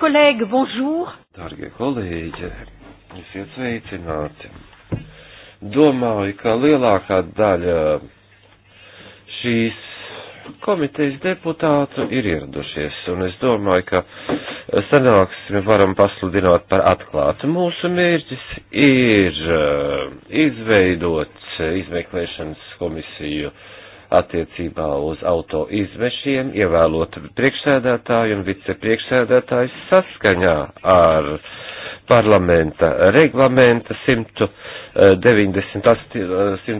collègues, bonjour. Dārgie kolēģi, esiet sveicināti. Domāju, ka lielākā daļa šīs komitejas deputātu ir ieradušies, un es domāju, ka sanāksmi varam pasludināt par atklātu. Mūsu mērķis ir eh, izveidot izmeklēšanas komisiju uh, attiecībā uz auto izvešiem, ievēlot priekšsēdētāju un vicepriekšsēdētāju saskaņā ar parlamenta reglamenta 198, 198 eh,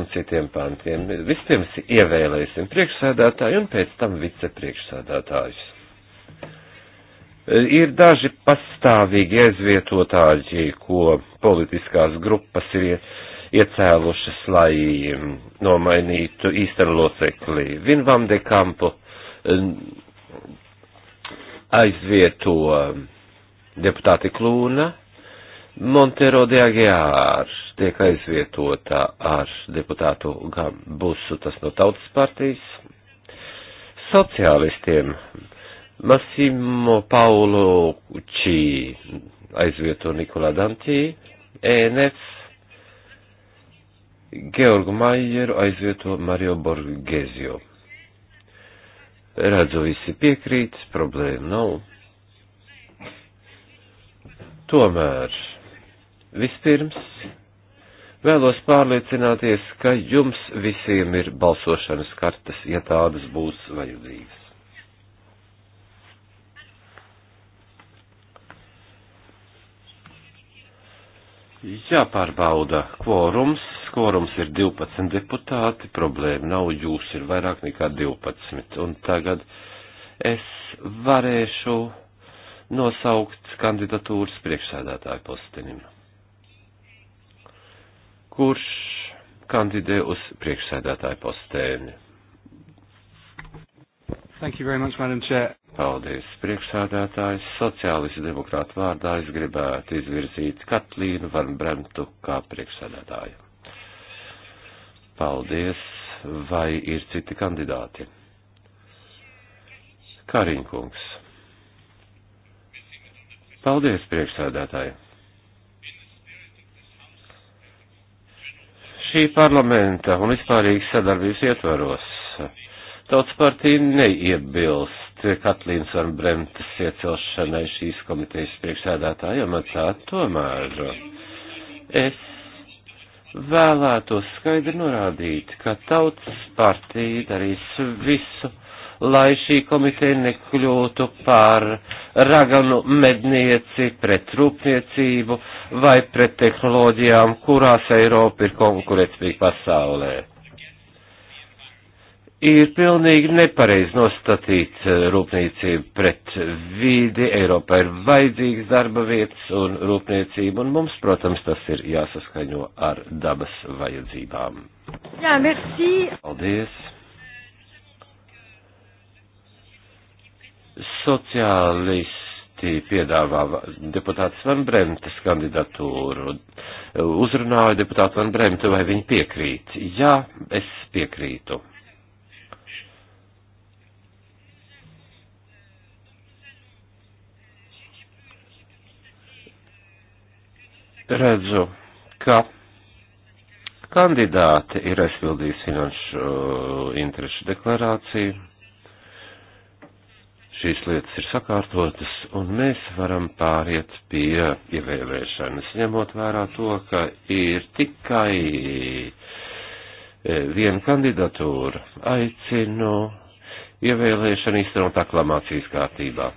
un citiem pantiem. Vispirms ievēlēsim priekšsēdētāju un pēc tam vicepriekšsēdētājus eh, ir daži pastāvīgi aizvietotāji, ko politiskās grupas ir iecēlušas, lai mm, nomainītu īstenu locekli. Vinvam de Kampu mm, aizvieto mm, deputāti Klūna, Montero de Aguiar tiek aizvietota ar deputātu Gambusu, tas no Tautas partijas, sociālistiem Massimo Paolo Čī aizvieto Nikolā Dantī, ENF Georgu Maieru aizvieto Mario Borgezio. Redzu, visi piekrīt, problēma nav. Tomēr vispirms vēlos pārliecināties, ka jums visiem ir balsošanas kartes, ja tādas būs vajadzīgas. Jāpārbauda kvorums kvorums ir 12 deputāti, problēma nav, jūs ir vairāk nekā 12. Un tagad es varēšu nosaukt kandidatūras priekšsēdētāju postenim. Kurš kandidē uz priekšsēdētāju postēni? Thank you very much, Madam Chair. Paldies, priekšsādātājs. Sociālistu demokrātu vārdā es gribētu izvirzīt Katlīnu Van Bremtu kā priekšsādātāju. Paldies. Vai ir citi kandidāti? Kariņkungs. Paldies, priekšsēdētāji. Šī parlamenta un vispārīgas sadarbības ietvaros tautas partija neiebilst Katlīns un Bremtas iecelšanai šīs komitejas priekšsēdētāja matā, tomēr es vēlētos skaidri norādīt, ka tautas partija darīs visu, lai šī komiteja nekļūtu par raganu mednieci pret rūpniecību vai pret tehnoloģijām, kurās Eiropa ir konkurētspīga pasaulē ir pilnīgi nepareizi nostatīt eh, rūpniecību pret vīdi. Eiropā ir vajadzīgas darba vietas un rūpniecība, un mums, protams, tas ir jāsaskaņo ar dabas vajadzībām. Jā, merci. Paldies. Sociālisti piedāvā deputāts Van Bremtes kandidatūru. Uzrunāju deputātu Van Bremtu, vai viņi piekrīt? Jā, es piekrītu. redzu, ka kandidāti ir aizpildījusi finanšu uh, interešu deklarāciju. Šīs lietas ir sakārtotas, un mēs varam pāriet pie ievēlēšanas, ņemot vērā to, ka ir tikai eh, viena kandidatūra. Aicinu ievēlēšanu īstenot aklamācijas kārtībā.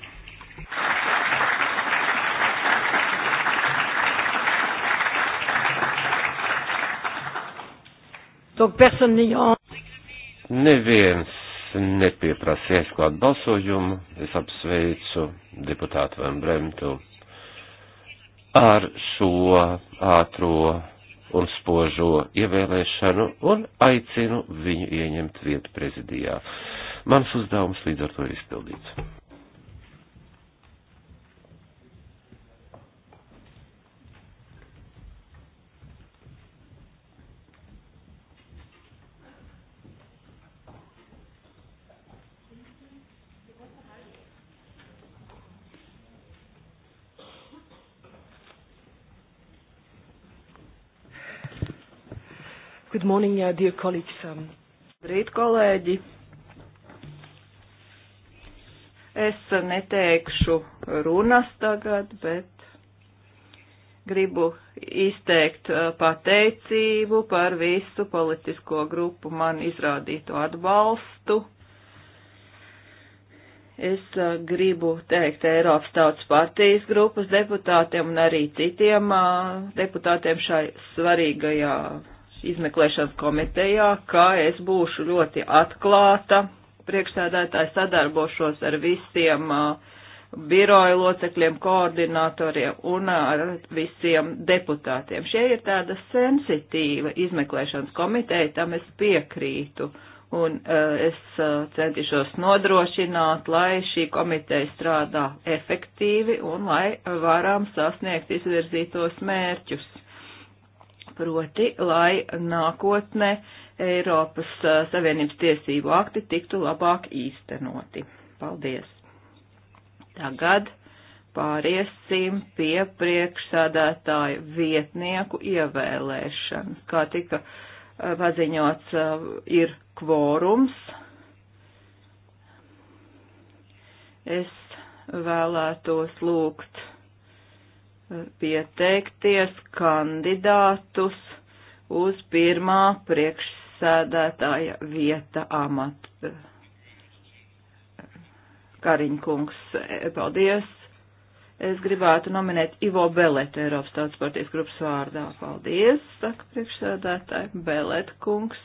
Donc personne n'ayant. Neviens nepieprasīja klāt balsojumu. Es apsveicu deputātu Van Bremtu ar šo ātro un spožo ievēlēšanu un aicinu viņu ieņemt vietu prezidijā. Mans uzdevums līdz ar to ir izpildīts. Good morning, uh, dear colleagues. Um, Labrīt, kolēģi. Es neteikšu runas tagad, bet gribu izteikt uh, pateicību par visu politisko grupu man izrādīto atbalstu. Es uh, gribu teikt Eiropas Tautas partijas grupas deputātiem un arī citiem uh, deputātiem šai svarīgajā izmeklēšanas komitejā, ka es būšu ļoti atklāta priekšsēdētāji sadarbošos ar visiem uh, biroja locekļiem, koordinatoriem un uh, ar visiem deputātiem. Šie ir tāda sensitīva izmeklēšanas komiteja, tam es piekrītu. Un uh, es uh, centīšos nodrošināt, lai šī komiteja strādā efektīvi un lai varam sasniegt izvirzītos mērķus proti, lai nākotnē Eiropas eh, Savienības tiesību akti tiktu labāk īstenoti. Paldies! Tagad pāriesim pie priekšsādātāju vietnieku ievēlēšanas. Kā tika eh, paziņots, eh, ir kvorums. Es vēlētos lūgt pieteikties kandidātus uz pirmā priekšsēdētāja vieta amatu. Kariņkungs, paldies. Es gribētu nominēt Ivo Beletu Eiropas Tautas partijas grupas vārdā. Paldies, saka priekšsēdētāji. Belet kungs,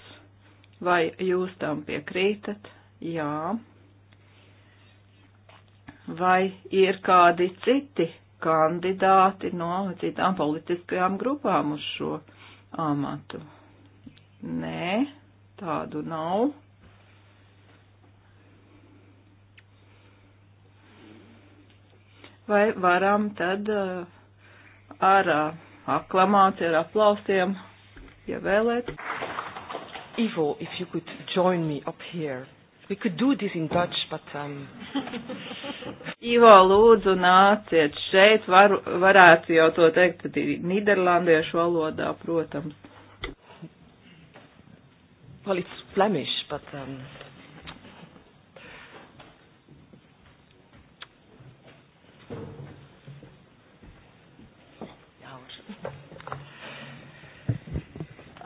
vai jūs tam piekrītat? Jā. Vai ir kādi citi kandidāti no citām politiskajām grupām uz šo amatu. Nē, tādu nav. Vai varam tad uh, ar uh, aklamāciju, ar aplausiem ievēlēt? Ivo, if you could join me up here. We could do this in Dutch, but... Um... Ivo, lūdzu, nāciet šeit. Var, varētu jau to teikt Nīderlandiešu valodā, protams. Well, it's Flemish, but... Um...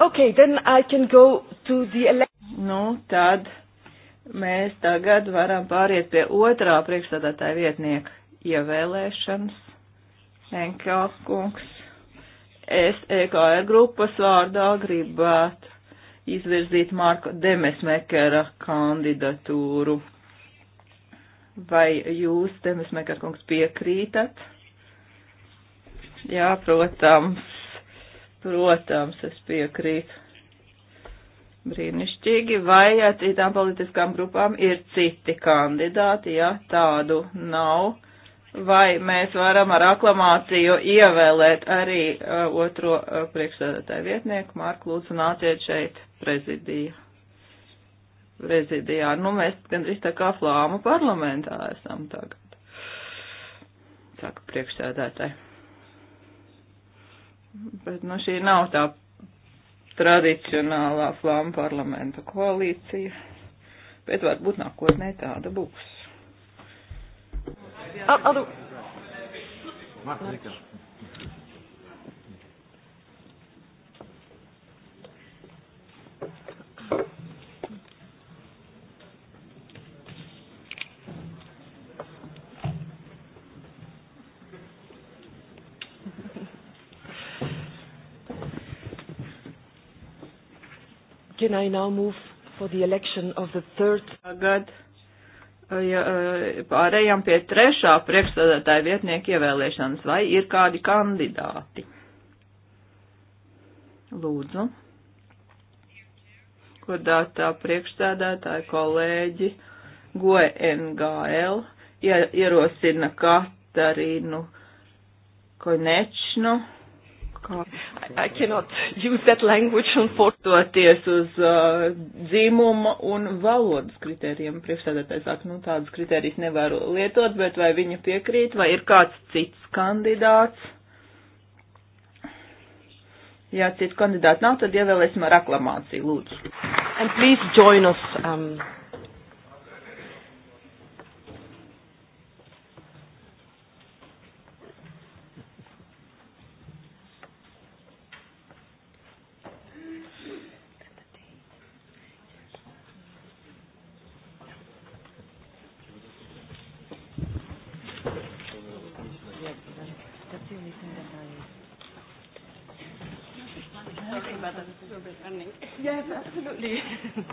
Okay, then I can go to the election. Nu, tad Mēs tagad varam pāriet pie otrā priekšstādātāja vietnieka ievēlēšanas. Enkel kungs, es EKR grupas vārdā gribētu izvirzīt Marko Demesmekera kandidatūru. Vai jūs, Demesmekera kungs, piekrītat? Jā, protams, protams, es piekrītu. Brīnišķīgi, vai citām politiskām grupām ir citi kandidāti, ja tādu nav, vai mēs varam ar aklamāciju ievēlēt arī uh, otro uh, priekšsēdētāju vietnieku, Mārku Lūdzu, nāciet šeit prezidiju. prezidijā. Nu, mēs gandrīz tā kā flāmu parlamentā esam tagad, saka priekšsēdētāji. Bet, nu, šī nav tā tradicionālā flāma parlamenta koalīcija, bet varbūt nākotnē tāda būs. Other... Can I now move for the election of the third? Tagad uh, ja, uh, pārējām pie trešā priekšsēdētāja vietnieka ievēlēšanas. Vai ir kādi kandidāti? Lūdzu. Godātā priekšsēdētāja kolēģi GoNGL ierosina Katarinu Konečnu kā. I cannot use that language un portoties uz uh, dzīmuma un valodas kritērijiem. Priekšsēdētājs saka, nu tādas kritērijas nevaru lietot, bet vai viņa piekrīt, vai ir kāds cits kandidāts? Ja citu kandidātu nav, tad ievēlēsim ar aklamāciju, lūdzu. And please join us. Um... Yes, absolutely.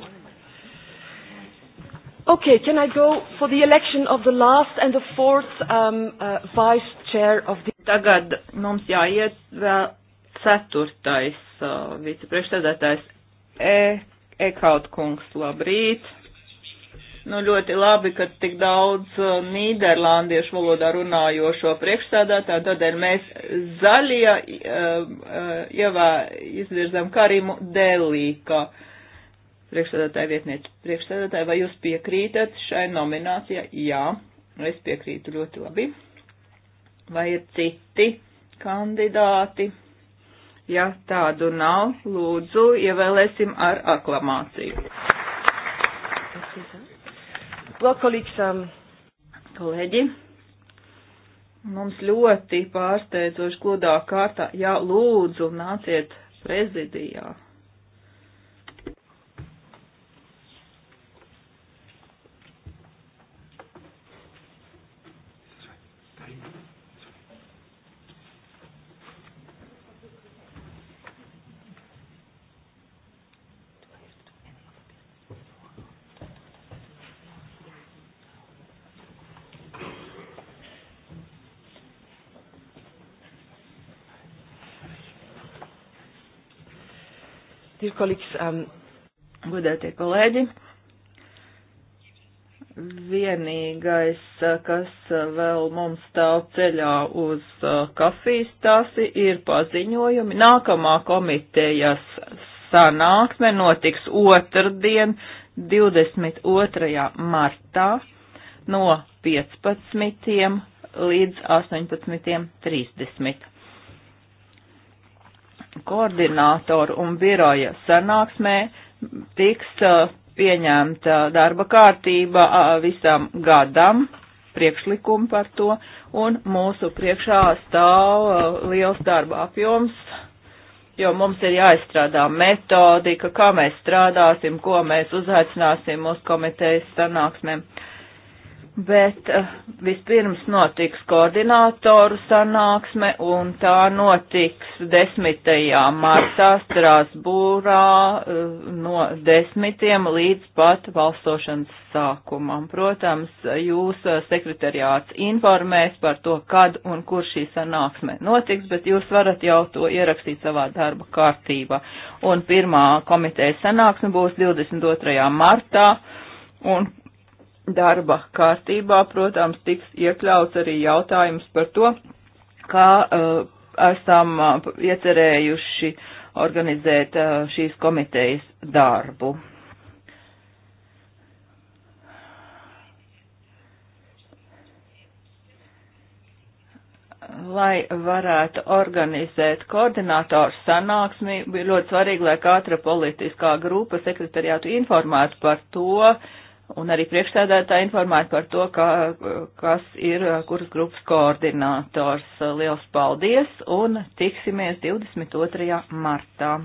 okay, can I go for the election of the last and the fourth um, uh, vice chair of the... Tagad mums jāiet vēl ceturtais uh, vicepriekšsēdētājs e, Ekaut kungs. Labrīt! Nu, ļoti labi, ka tik daudz uh, nīderlandiešu valodā runājošo priekšstādātāju, tādēļ mēs zaļie uh, uh, ievā izvirzam Karimu Delī, kā priekšstādātāju vietnieci. Priekšstādātāju, vai jūs piekrītat šai nominācijai? Jā, es piekrītu ļoti labi. Vai ir citi kandidāti? Ja tādu nav, lūdzu, ievēlēsim ar aklamāciju. Tas ir tā. Well, colleagues, um, kolēģi, mums ļoti pārsteidzoši godā kārtā, jā, lūdzu, nāciet prezidijā. Dear colleagues, um, godētie kolēģi, vienīgais, uh, kas uh, vēl mums stāv ceļā uz uh, kafijas tasi, ir paziņojumi. Nākamā komitejas sanāksme notiks otrdien, 22. martā, no 15. līdz 18.30 koordinātoru un biroja sanāksmē tiks uh, pieņemta darba kārtība uh, visam gadam, priekšlikumi par to, un mūsu priekšā stāv uh, liels darba apjoms, jo mums ir jāizstrādā metodika, kā mēs strādāsim, ko mēs uzaicināsim mūsu komitejas sanāksmēm bet eh, vispirms notiks koordinātoru sanāksme, un tā notiks 10. martā Strasbūrā eh, no 10. līdz pat valstošanas sākumam. Protams, jūs eh, sekretariāts informēs par to, kad un kur šī sanāksme notiks, bet jūs varat jau to ierakstīt savā darba kārtībā. Un pirmā komitejas sanāksme būs 22. martā. Un darba kārtībā, protams, tiks iekļauts arī jautājums par to, kā uh, esam uh, iecerējuši organizēt uh, šīs komitejas darbu. lai varētu organizēt koordinātoru sanāksmi, bija ļoti svarīgi, lai katra politiskā grupa sekretariātu informētu par to, un arī priekšstādātā informēt par to, ka, kas ir kuras grupas koordinators. Liels paldies un tiksimies 22. martā.